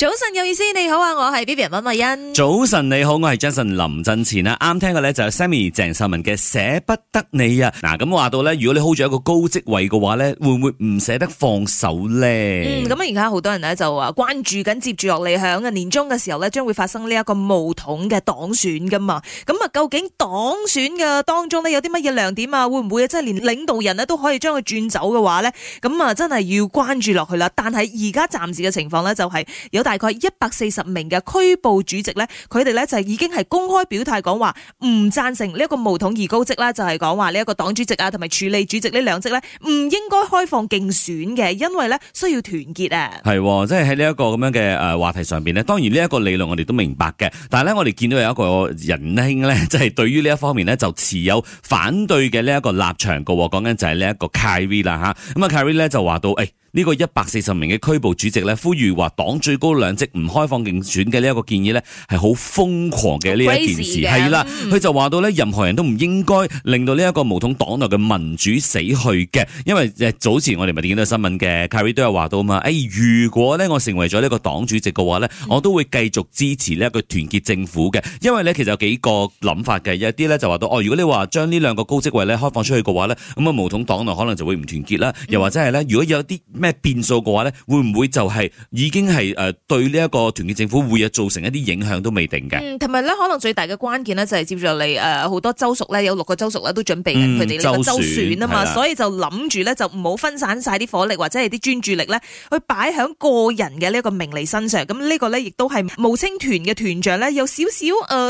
早晨有意思，你好啊，我係 Vivian 溫慧欣。早晨你好，我係 Jason 林振前啊，啱聽嘅咧就係 Sammy 鄭秀文嘅捨不得你啊。嗱，咁話到咧，如果你 hold 住一個高職位嘅話咧，會唔會唔捨得放手咧？咁啊、嗯，而家好多人咧就話關注緊接住落嚟響嘅年終嘅時候咧，將會發生呢一個務統嘅黨選噶嘛。咁、嗯、啊，究竟黨選嘅當中呢，有啲乜嘢亮點啊？會唔會啊，即係連領導人呢都可以將佢轉走嘅話咧？咁、嗯、啊，真係要關注落去啦。但係而家暫時嘅情況咧，就係、是、有大大概一百四十名嘅區部主席咧，佢哋咧就係已經係公開表態講話，唔贊成呢一個巫統二高職啦，就係講話呢一個黨主席啊，同埋處理主席呢兩職咧，唔應該開放競選嘅，因為咧需要團結啊。係，即係喺呢一個咁樣嘅誒話題上邊咧，當然呢一個理論我哋都明白嘅，但係咧我哋見到有一個仁兄咧，即係對於呢一方面咧就持有反對嘅呢一個立場嘅。講緊就係呢一個 Khairy 啦，吓咁啊 Khairy 咧就話到誒。呢個一百四十名嘅區部主席咧，呼籲話黨最高兩職唔開放競選嘅呢一個建議呢，係好瘋狂嘅呢一件事，係啦的，佢、嗯、就話到呢，任何人都唔應該令到呢一個巫統黨內嘅民主死去嘅，因為早前我哋咪見到新聞嘅、嗯、，Carrie 都有話到嘛，誒、哎、如果呢，我成為咗呢個黨主席嘅話呢，我都會繼續支持呢一個團結政府嘅，因為呢，其實有幾個諗法嘅，有啲呢，就話到哦，如果你話將呢兩個高職位呢開放出去嘅話呢，咁啊巫統黨內可能就會唔團結啦，又或者係呢，如果有啲。咩變數嘅話咧，會唔會就係已經係誒對呢一個團結政府會有造成一啲影響都未定嘅？嗯，同埋咧，可能最大嘅關鍵咧就係接住嚟誒好多州屬咧，有六個州屬咧都準備緊佢哋呢個州選啊嘛，所以就諗住咧就唔好分散曬啲火力或者係啲專注力咧去擺喺個人嘅呢一個名利身上。咁呢個咧亦都係巫青團嘅團長咧有少少誒，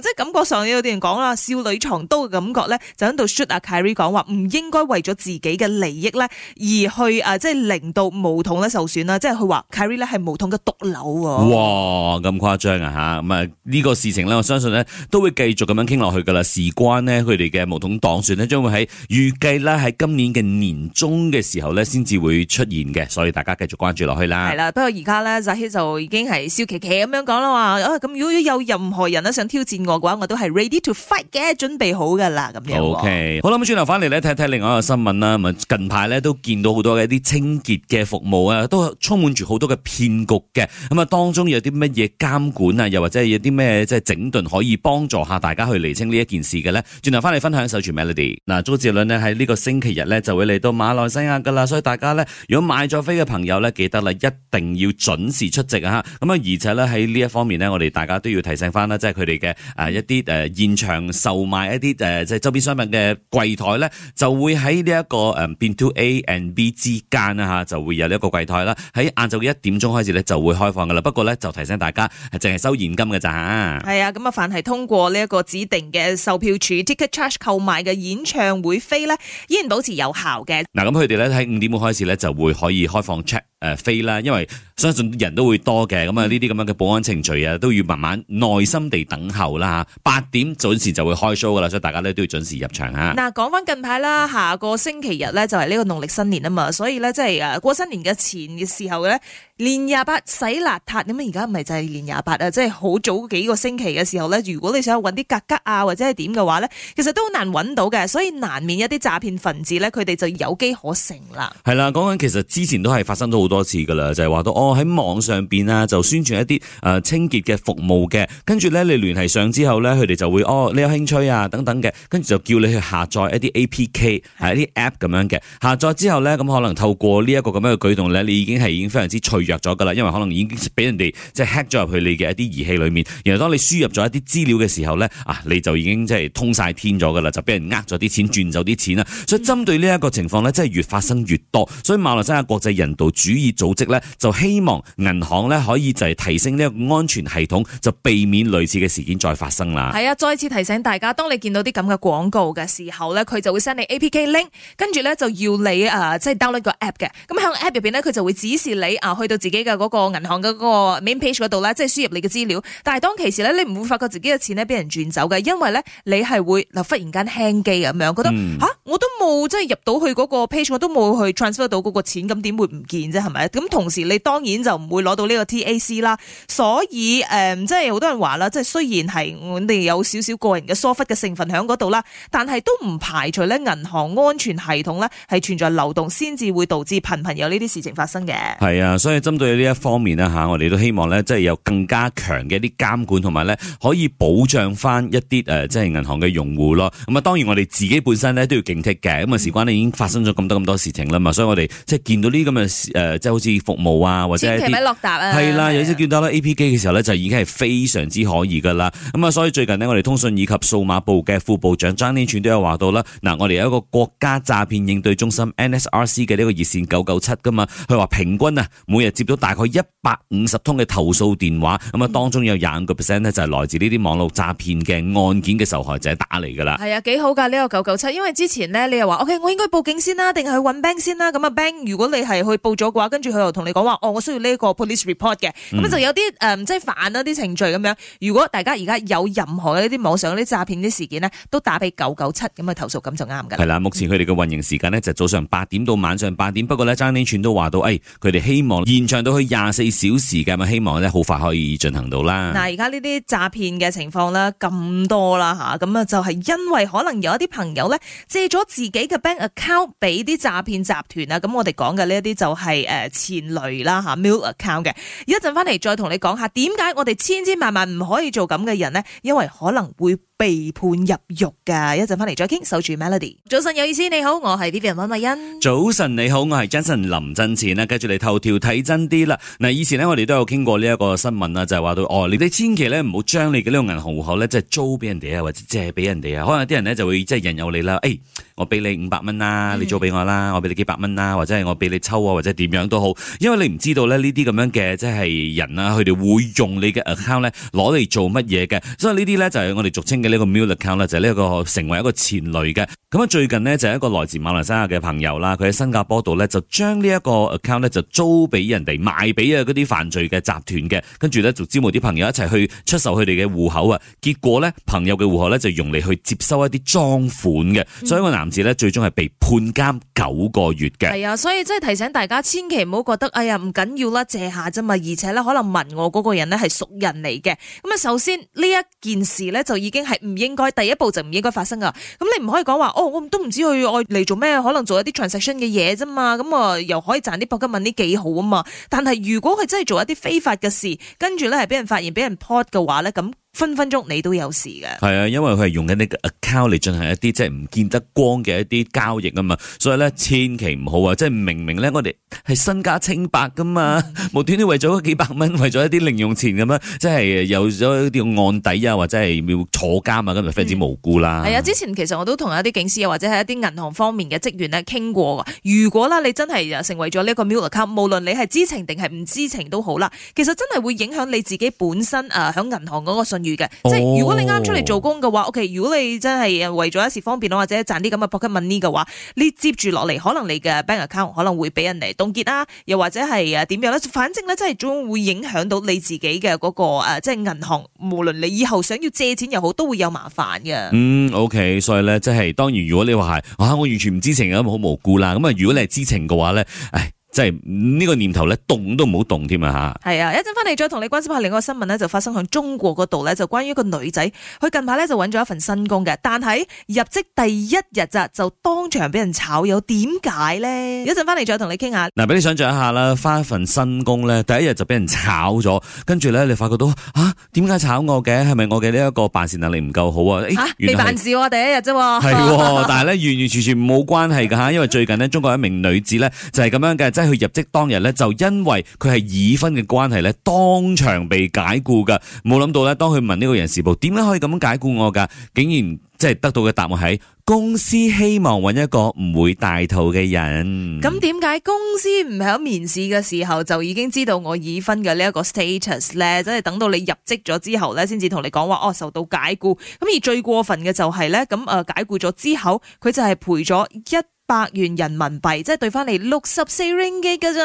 即係感覺上有啲人講啦，少女藏刀嘅感覺咧就喺度 shoot 阿 Kerry 講話唔應該為咗自己嘅利益咧而去誒，即係令到。毛桶咧受損啦，即係佢話 Kerry 咧係毛桶嘅毒瘤喎。哇，咁誇張啊吓！咁啊呢個事情咧，我相信咧都會繼續咁樣傾落去噶啦。事關咧佢哋嘅毛桶黨選咧，將會喺預計咧喺今年嘅年終嘅時候咧，先至會出現嘅。所以大家繼續關注落去啦。係啦，不過而家咧，扎希就已經係笑騎騎咁樣講啦嘛。啊，咁如果有任何人咧想挑戰我嘅話，我都係 ready to fight 嘅，準備好噶啦咁樣。OK，好啦，咁轉頭翻嚟咧睇睇另外一個新聞啦。咁啊，近排咧都見到好多嘅一啲清潔嘅。服務啊，都充滿住好多嘅騙局嘅，咁啊當中有啲乜嘢監管啊，又或者有啲咩即係整頓可以幫助下大家去厘清呢一件事嘅呢？轉頭翻嚟分享首 melody，嗱、啊，周杰倫呢，喺呢個星期日呢，就會嚟到馬來西亞噶啦，所以大家呢，如果買咗飛嘅朋友呢，記得啦一定要準時出席啊！咁啊，而且呢，喺呢一方面呢，我哋大家都要提醒翻啦，即係佢哋嘅誒一啲誒、啊、現場售賣一啲誒即係周邊商品嘅櫃台呢，就會喺呢一個誒變 to A and B 之間啊，就會。而有呢一個櫃檯啦，喺晏晝嘅一點鐘開始咧就會開放噶啦，不過咧就提醒大家係淨係收現金嘅咋。係啊，咁啊，凡係通過呢一個指定嘅售票處 Ticket Charge 購買嘅演唱會飛咧，依然保持有效嘅。嗱，咁佢哋咧喺五點半開始咧就會可以開放 check。誒，飛啦，因為相信人都會多嘅，咁啊呢啲咁樣嘅保安程序啊，都要慢慢耐心地等候啦。八點準時就會開 show 噶啦，所以大家咧都要準時入場吓。嗱，講翻近排啦，下個星期日咧就係呢個農曆新年啊嘛，所以咧即係啊過新年嘅前嘅時候咧，年廿八洗邋遢，咁而家唔係就係年廿八啊？即係好早幾個星期嘅時候咧，如果你想揾啲格吉啊或者係點嘅話咧，其實都好難揾到嘅，所以難免一啲詐騙分子咧，佢哋就有機可乘啦。係啦，講緊其實之前都係發生到。好多次噶啦，就係話到哦，喺網上邊啊，就宣傳一啲誒清潔嘅服務嘅，跟住咧你聯繫上之後咧，佢哋就會哦，你有興趣啊等等嘅，跟住就叫你去下載一啲 APK，係一啲 App 咁樣嘅，下載之後咧，咁可能透過呢一個咁樣嘅舉動咧，你已經係已經非常之脆弱咗噶啦，因為可能已經俾人哋即係 hack 咗入去你嘅一啲儀器裏面，然後當你輸入咗一啲資料嘅時候咧啊，你就已經即係通晒天咗噶啦，就俾人呃咗啲錢，轉走啲錢喇，所以針對呢一個情況咧，即係越發生越多，所以馬來西亞國際人道主主要組織咧就希望銀行咧可以就係提升呢個個安全系統，就避免類似嘅事件再發生啦。係啊，再次提醒大家，當你見到啲咁嘅廣告嘅時候咧，佢就會 send 你 A P K link，跟住咧就要你啊即係 download 個 app 嘅。咁喺 app 入面咧，佢就會指示你啊去到自己嘅嗰個銀行嘅嗰個 main page 嗰度咧，即係輸入你嘅資料。但係當其時咧，你唔會發覺自己嘅錢咧俾人轉走嘅，因為咧你係會忽然間 hang 機咁樣，覺得吓、嗯啊？我都冇即係入到去嗰個 page，我都冇去 transfer 到嗰個錢，咁點會唔見啫？係咪？咁同時你當然就唔會攞到呢個 TAC 啦，所以誒、呃，即係好多人話啦，即係雖然係我哋有少少個人嘅疏忽嘅成分響嗰度啦，但係都唔排除咧銀行安全系統咧係存在漏洞，先至會導致頻頻有呢啲事情發生嘅。係啊，所以針對呢一方面啦吓，我哋都希望咧，即係有更加強嘅一啲監管，同埋咧可以保障翻一啲誒，即係銀行嘅用戶咯。咁啊，當然我哋自己本身咧都要警惕嘅。咁啊，事關咧已經發生咗咁多咁多事情啦嘛，所以我哋即係見到呢啲咁嘅誒。呃即係好似服務啊，或者落達啊？係啦，有啲見到啦。A P K 嘅時候咧，就已經係非常之可疑噶啦。咁啊，所以最近呢，我哋通訊以及數碼部嘅副部長張念群都有話到啦。嗱，我哋有一個國家詐騙應對中心 N S R C 嘅呢個熱線九九七噶嘛。佢話平均啊，每日接到大概一百五十通嘅投訴電話。咁啊，當中有廿五個 percent 呢，就係、是、來自呢啲網絡詐騙嘅案件嘅受害者打嚟噶啦。係啊，幾好㗎呢個九九七，因為之前呢，你又話 OK，我應該報警先啦，定係去揾 bank 先啦。咁啊，bank 如果你係去報咗跟住佢又同你講話，哦，我需要呢個個 police report 嘅，咁就有啲、嗯呃、即係犯咗啲程序咁樣。如果大家而家有任何嘅呢啲網上嗰啲詐騙啲事件呢，都打俾九九七咁去投訴，咁就啱噶。係啦，目前佢哋嘅運營時間呢，就早上八點到晚上八點。不過呢，張天串都話到，誒、哎，佢哋希望延長到去廿四小時嘅，咁希望呢好快可以進行到啦。嗱，而家呢啲詐騙嘅情況啦咁多啦吓咁啊就係、是、因為可能有一啲朋友咧借咗自己嘅 bank account 俾啲詐騙集團啊，咁我哋講嘅呢一啲就係、是誒，前雷啦吓 m i l account 嘅，一陣翻嚟再同你講下，點解我哋千千萬萬唔可以做咁嘅人咧？因為可能會。被判入獄噶，一陣翻嚟再傾。守住 Melody，早晨有意思，你好，我係 Vivian 溫慧欣。早晨你好，我係 Jason 林振前啦。跟住嚟頭條睇真啲啦。嗱，以前咧我哋都有傾過呢一個新聞啦，就係話到哦，你哋千祈咧唔好將你嘅呢個銀行戶口咧即係租俾人哋啊，或者借俾人哋啊。可能有啲人咧就會即係引誘你啦。誒，我俾你五百蚊啦，你租俾我啦，我俾你幾百蚊啦，或者係我俾你抽啊，或者點樣都好。因為你唔知道咧呢啲咁樣嘅即係人啊，佢哋會用你嘅 account 咧攞嚟做乜嘢嘅。所以呢啲咧就係我哋俗稱。呢一個 mule account 咧，就呢一個成為一個錢騾嘅。咁啊，最近呢，就係一個來自馬來西亞嘅朋友啦，佢喺新加坡度呢，就將呢一個 account 咧就租俾人哋賣俾啊嗰啲犯罪嘅集團嘅。跟住呢，就招募啲朋友一齊去出售佢哋嘅戶口啊。結果呢，朋友嘅戶口呢，就用嚟去接收一啲贓款嘅。所以個男子呢，最終係被判監九個月嘅。係啊，所以真係提醒大家，千祈唔好覺得哎呀唔緊要啦，借一下啫嘛。而且呢，可能問我嗰個人呢，係熟人嚟嘅。咁啊，首先呢一件事呢，就已經係。唔應該第一步就唔應該發生啊。咁你唔可以講話哦，我都唔知佢用嚟做咩？可能做一啲 transaction 嘅嘢啫嘛，咁啊又可以賺啲博金文啲幾好啊嘛，但係如果佢真係做一啲非法嘅事，跟住咧係俾人發現，俾人 pod 嘅話咧，咁。分分鐘你都有事嘅，係啊，因為佢係用緊呢個 account 嚟進行一啲即係唔見得光嘅一啲交易啊嘛，所以咧千祈唔好啊！即係明明咧，我哋係身家清白噶嘛，無端端為咗幾百蚊，為咗一啲零用錢咁樣，即係有咗啲案底啊，或者係要坐監啊，咁就非常之無辜啦。係啊，之前其實我都同一啲警司或者係一啲銀行方面嘅職員咧傾過，如果啦你真係又成為咗呢個 Mule account，無論你係知情定係唔知情都好啦，其實真係會影響你自己本身誒喺銀行嗰個信。嘅，即係如果你啱出嚟做工嘅話，哦，OK。如果你真係為咗一時方便啊，或者賺啲咁嘅 pocket money 嘅話，你接住落嚟，可能你嘅 bank account 可能會俾人嚟凍結啦，又或者係啊點樣咧？反正咧，真係總會影響到你自己嘅嗰，那個誒，即係銀行，無論你以後想要借錢又好，都會有麻煩嘅，嗯。嗯，OK。所以咧，即係當然，如果你話係啊，我完全唔知情啊，好無辜啦。咁啊，如果你係知情嘅話咧，誒。即係呢個念頭咧動都唔好動添啊吓，係啊，一陣翻嚟再同你關心下另外個新聞呢，就發生喺中國嗰度咧，就關於個女仔，佢近排咧就揾咗一份新工嘅，但係入職第一日咋就當場俾人炒，又點解咧？你一陣翻嚟再同你傾下。嗱，俾你想象一下啦，翻一份新工咧，第一日就俾人炒咗，跟住咧你發覺到啊，點解炒我嘅？係咪我嘅呢一個辦事能力唔夠好啊？吓，未辦事啊，第一日啫，啊。係、哦， 但係咧完，完完全全冇關係噶吓，因為最近呢，中國一名女子咧就係、是、咁樣嘅，佢入職當日咧，就因為佢係已婚嘅關係咧，當場被解雇噶。冇諗到咧，當佢問呢個人事部點解可以咁解雇我噶，竟然即係得到嘅答案係公司希望揾一個唔會大肚嘅人。咁點解公司唔響面試嘅時候就已經知道我已婚嘅呢一個 status 咧？就係等到你入職咗之後咧，先至同你講話哦，受到解雇。咁而最過分嘅就係咧，咁誒解雇咗之後，佢就係賠咗一百元人民幣即係兌翻嚟六十四 ringgit 噶咋？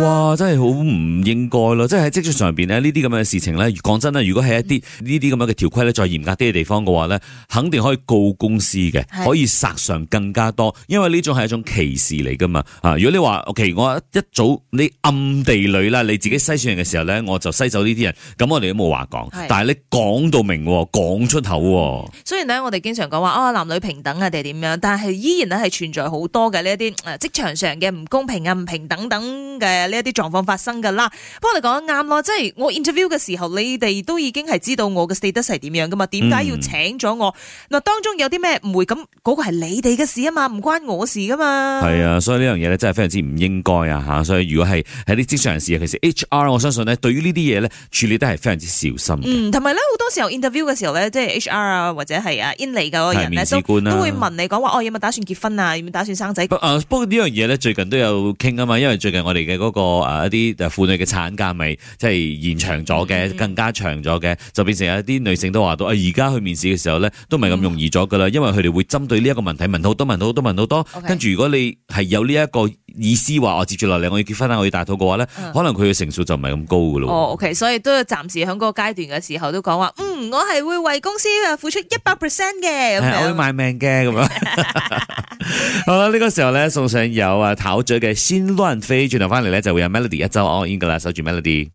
哇，真係好唔應該咯！嗯、即係喺職場上邊咧，呢啲咁嘅事情咧，講真啦，如果係一啲呢啲咁樣嘅條規咧，再嚴格啲嘅地方嘅話咧，肯定可以告公司嘅，是可以罰上更加多，因為呢種係一種歧視嚟噶嘛。啊，如果你話，OK，我一早你暗地裏啦，你自己篩選人嘅時候咧，我就篩走呢啲人，咁我哋都冇話講。是但係你講到明，講出口。雖然咧，我哋經常講話啊，男女平等啊，定係點樣，但係依然咧係存在。好多嘅呢一啲誒職場上嘅唔公平啊、唔平等等嘅呢一啲狀況發生噶啦，不過你講得啱咯，即、就、係、是、我 interview 嘅時候，你哋都已經係知道我嘅 status 得係點樣噶嘛，點解要請咗我？嗱、嗯，當中有啲咩唔會咁嗰、那個係你哋嘅事啊嘛，唔關我事噶嘛。係啊，所以呢樣嘢真係非常之唔應該啊嚇，所以如果係喺啲職場人士，其實 HR，我相信呢對於呢啲嘢咧處理得係非常之小心。嗯，同埋咧好多時候 interview 嘅時候咧，即係 HR 啊或者係啊 in 嚟嘅嗰個人咧，啊、都會會問你講話哦有冇打算結婚啊？打算生仔。誒、啊，不過呢樣嘢咧，最近都有傾啊嘛。因為最近我哋嘅嗰個、啊、一啲婦女嘅產假咪即係延長咗嘅，嗯、更加長咗嘅，就變成有一啲女性都話到，啊而家去面試嘅時候咧，都唔係咁容易咗噶啦。嗯、因為佢哋會針對呢一個問題問好多問好多問好多，跟住 Okay. 如果你係有呢、呢、一個。意思話我接住落嚟，我要結婚啦，我要大肚嘅話咧，嗯、可能佢嘅成數就唔係咁高噶咯。哦、oh，OK，所以都要暫時喺嗰個階段嘅時候都講話，嗯，我係會為公司付出一百 percent 嘅，我會賣命嘅。咁樣， 好啦，呢個時候咧送上有啊陶喆嘅《心亂飛》，轉頭翻嚟咧就會有 Melody 一周哦，應該啦，守住 Melody。